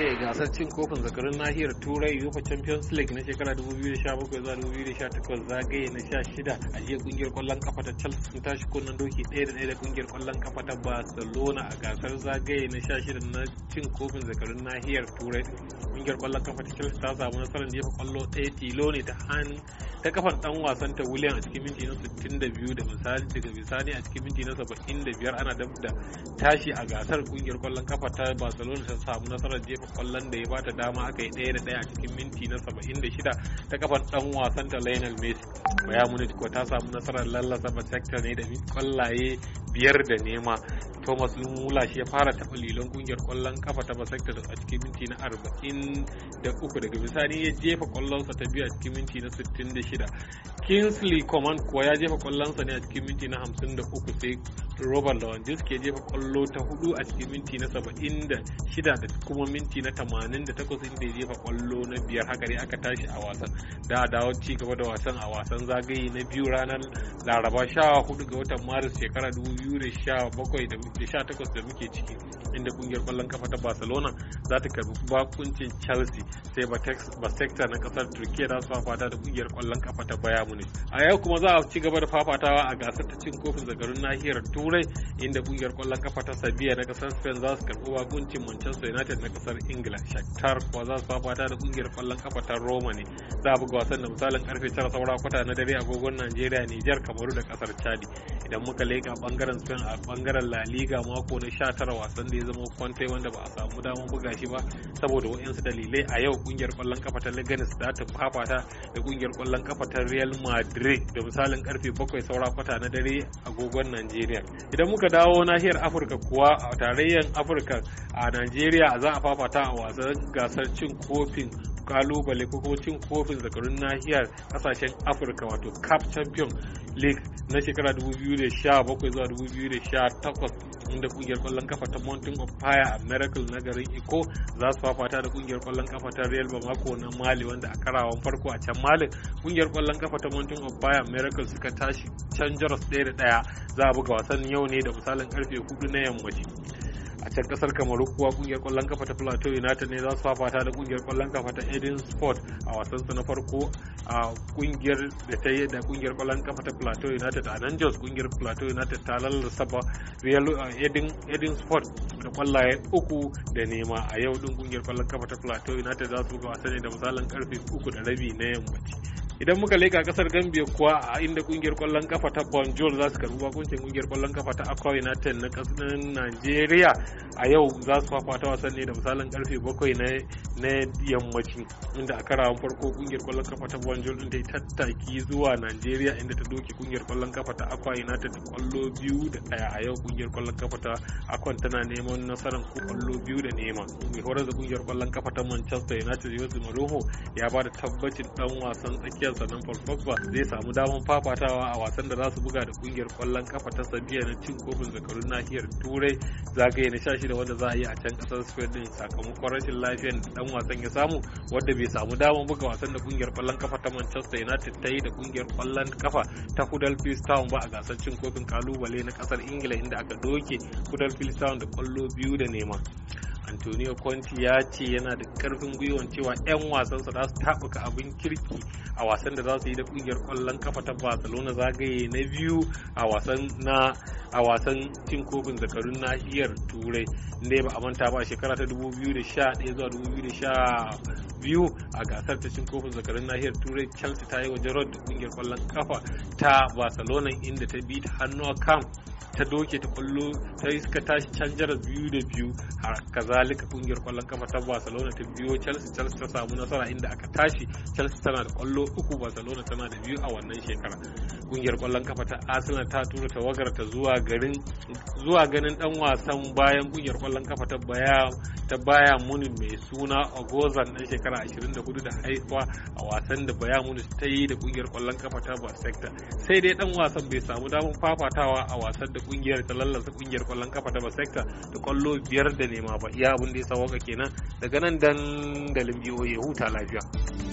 ce gasar cin kofin zakarun nahiyar turai yufa champions league na shekara 2017 zuwa 2018 zagaye na 16 a jiya kungiyar kwallon kafa ta chelsea sun tashi kunnen doki ɗaya da ɗaya da kungiyar kwallon kafa ta barcelona a gasar zagaye na 16 na cin kofin zakarun nahiyar turai kungiyar kwallon kafa ta chelsea ta samu nasarar jefa kwallo ɗaya tilo ne ta hannu ta kafar dan wasan ta william a cikin minti na 62 da misali daga bisani a cikin minti na 75 ana dab da tashi a gasar kungiyar kwallon kafa ta barcelona ta samu nasarar jefa kwallon da ya bata dama aka yi ɗaya da ɗaya a cikin minti na da shida ta kafan ɗan wasan ta Lionel Messi Bayern Munich ko ta samu nasarar lallasa Basakta ne da kwallaye biyar da nema Thomas Lumula shi ya fara taɓa lilon ƙungiyar kwallon kafa ta Basakta a cikin minti na arba'in da uku daga bisani ya jefa kwallonsa ta biyu a cikin minti na sittin da shida. Kingsley Coman kuwa ya jefa kwallonsa ne a cikin minti na hamsin da uku sai Robert Lewandowski ya jefa kwallo ta hudu a cikin minti na saba'in da kuma minti na tamanin da takwas inda ya jefa kwallo na biyar haka dai aka tashi a wasan da dawo ci gaba da wasan a wasan zagaye na biyu ranar Laraba hudu ga watan Maris shekara dubu sha takwas da muke ciki inda kungiyar kwallon kafa ta barcelona za ta karbi bakuncin chelsea sai ba basecta na kasar turkiya za su fafata da kungiyar kwallon kafa ta baya munich a yau kuma za a ci gaba da fafatawa a gasar ta cin kofin zagarun nahiyar turai inda kungiyar kwallon kafa ta sabiya na kasar spain za su karbi bakuncin manchester united na kasar ingila shakhtar kuwa za su fafata da kungiyar kwallon kafa ta roma ne za a buga wasan da misalin karfe tara saura kwata na dare agogon najeriya nijar kamaru da kasar chadi idan muka leƙa bangaren spain a bangaren la liga mako na 19 wasan da ya zama kwantai wanda ba a samu damar buga shi ba saboda waɗansu dalilai a yau kungiyar kwallon kafa ta leganes za ta fafata da kungiyar kwallon kafa ta real madrid da misalin karfe 7 saura kwata na dare agogon nigeria idan muka dawo nahiyar afirka kuwa a tarayyar afirka a nigeria za a fafata a wasan gasar cin kofin kalubale ko kuma cin kofin zakarun nahiyar kasashen afirka wato cap champion league na shekara 2017 zuwa 2018 inda kungiyar kwallon kafa ta mountain of fire a miracle na garin iko za su fafata da kungiyar kwallon kafa ta real bamako na mali wanda a karawan farko a can mali kungiyar kwallon kafa ta mountain of fire miracle suka tashi can jaros ɗaya da ɗaya za a buga wasan yau ne da misalin karfe hudu na yammaci a can kasar kamaru kuwa kungiyar kwallon kafa ta plateau united ne za su fafata da kungiyar kwallon kafa ta edin sport a su na farko a kungiyar da ta yi da kungiyar kwallon kafa ta plateau united a nan jos kungiyar plateau united ta lalasa ba edin sport da kwallaye uku da nema a yau din kungiyar kwallon kafa ta plateau united za su buga ne da misalin karfe uku da rabi na yammaci idan muka leka kasar gambia kuwa a inda kungiyar kwallon kafa ta bonjol za su karbi bakuncin kungiyar kwallon kafa ta akwa united na kasar nigeria a yau za su fafata wasan ne da misalin karfe bakwai na yammaci inda a karawan farko kungiyar kwallon kafa ta bonjol inda ta tattaki zuwa nigeria inda ta doke kungiyar kwallon kafa ta akwa united da kwallo biyu da daya a yau kungiyar kwallon kafa ta akwan tana neman nasarar kwallo biyu da neman mai horar da kungiyar kwallon kafa ta manchester united yusuf maloho ya ba da tabbacin dan wasan tsakiyar Sabiyan sannan Paul Pogba zai samu damar fafatawa a wasan da za su buga da kungiyar kwallon kafa ta Sabiyan na cin kofin zakarun nahiyar Turai zagaye na sha shida wanda za a yi a can kasar Spain din sakamakon rashin lafiyar dan wasan ya samu wanda bai samu damar buga wasan da kungiyar kwallon kafa ta Manchester United ta yi da kungiyar kwallon kafa ta Huddersfield Town ba a gasar cin kofin kalubale na kasar Ingila inda aka doke Huddersfield Town da kwallo biyu da nema. Antonio Conte ya ce yana da karfin gwiwan cewa 'yan wasansa za su taɓuka abin kirki a wasan da za su yi da ƙungiyar ƙwallon kafa ta barcelona zagaye na biyu a wasan na a wasan cin kofin zakarun nahiyar turai inda ba a manta ba a shekara ta 2011 zuwa 2012 a gasar ta cin kofin zakarun nahiyar turai chelsea ta yi wa jarod da ƙungiyar ƙwallon kafa ta barcelona inda ta bi ta hannu kam ta doke ta kwallo ta iska tashi can biyu da biyu a kazalika kungiyar kwallon kafa ta barcelona ta biyo chelsea chelsea ta samu nasara inda aka tashi chelsea tana da kwallo uku barcelona tana da biyu a wannan shekara kungiyar kwallon kafa ta arsenal ta tura tawagar ta zuwa garin zuwa ganin dan wasan bayan kungiyar kwallon kafa ta baya ta baya muni mai suna ogozan dan shekara 24 da haifa a wasan da baya muni ta yi da kungiyar kwallon kafa ta basekta sai dai dan wasan bai samu damar fafatawa a wasan da kungiyar ta lallasa kungiyar kwallon kafa ta basekta da kwallo biyar da nema ba iya abin da ya sawaka kenan daga nan dandalin biyo ya huta lafiya.